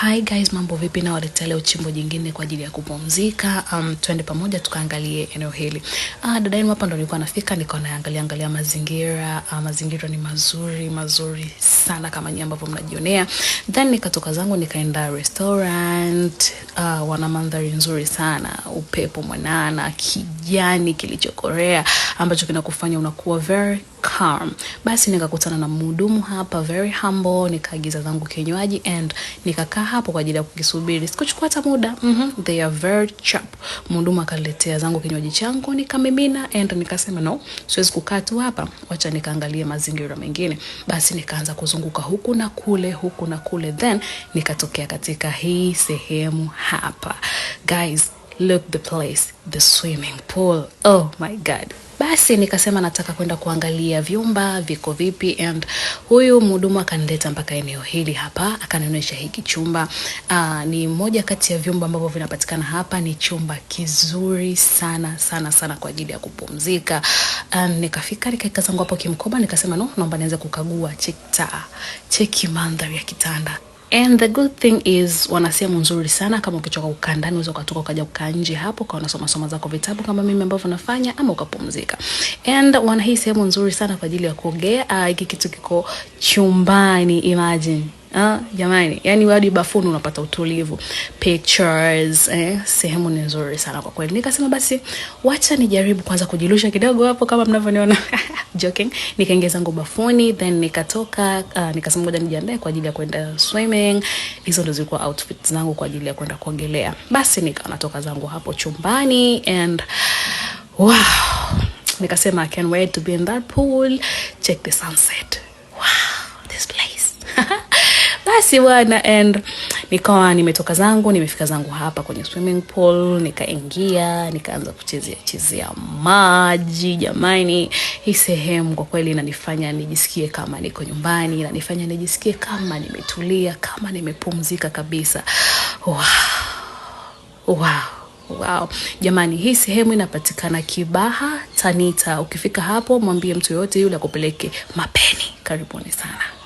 Hi guys, mambo vipi? Na waletaleo chimbo jingine kwa ajili ya kupumzika. Um, twende pamoja tukaangalie eneo hili. Ah, dada yenu hapa ndo nilikuwa nafika, niko naangalia angalia mazingira. Ah, mazingira ni mazuri mazuri sana kama nyinyi ambavyo mnajionea. Then nikatoka zangu nikaenda restaurant. Ah, wana mandhari nzuri sana, upepo mwanana, kijani kilichokorea ambacho kinakufanya unakuwa very calm. Basi nikakutana na mhudumu hapa very humble, nikaagiza zangu kinywaji and nikakaa hapo kwa ajili ya kukisubiri. Sikuchukua hata muda. Mm -hmm. They are very sharp. Mhudumu akaletea zangu kinywaji changu nikamimina and nikasema no, siwezi kukaa tu hapa. Wacha nikaangalie mazingira mengine. Basi nikaanza kuzunguka huku na kule, huku na kule then nikatokea katika hii sehemu hapa. Guys, look the place, the swimming pool. Oh my god. Basi nikasema nataka kwenda kuangalia vyumba viko vipi, and huyu mhudumu akanileta mpaka eneo hili hapa, akanionyesha hiki chumba. Aa, ah, ni moja kati ya vyumba ambavyo vinapatikana hapa. Ni chumba kizuri sana sana sana kwa ajili ya kupumzika. Nikafika nikaika zangu hapo kimkoba, nikasema no, naomba nianze kukagua. chekta cheki mandhari ya kitanda And the good thing is wana sehemu nzuri sana. Kama ukichoka kukaa ndani, unaweza ukatoka ukaja kukaa nje hapo, kwa unasoma soma zako vitabu kama mimi ambavyo nafanya, ama ukapumzika. And wana hii sehemu nzuri sana kwa ajili ya kuogea. Ah, hiki kitu kiko chumbani, imagine Ah, jamani, yani hadi bafuni unapata utulivu. Pictures, eh, sehemu ni nzuri sana kwa kweli. Nikasema basi wacha nijaribu kwanza kujilusha kidogo hapo kama mnavyoniona. Joking. Nikaingia zangu bafuni, then nikatoka, uh, nikasema ngoja nijiandae kwa ajili ya kwenda swimming. Hizo ndo zilikuwa outfits zangu kwa ajili ya kwenda kuogelea. Basi nikawa natoka zangu hapo chumbani and wow. Nikasema I can wait to be in that pool, check the sunset. Wow, this place basi bwana, and nikawa nimetoka zangu, nimefika zangu hapa kwenye swimming pool, nikaingia nikaanza kuchezea chezea maji. Jamani, hii sehemu kwa kweli inanifanya nijisikie kama niko nyumbani, inanifanya nijisikie kama nimetulia, kama nimepumzika kabisa. Wow. Wow. Wow. Jamani, hii sehemu inapatikana Kibaha Tanita. Ukifika hapo, mwambie mtu yoyote yule akupeleke mapeni. Karibuni sana.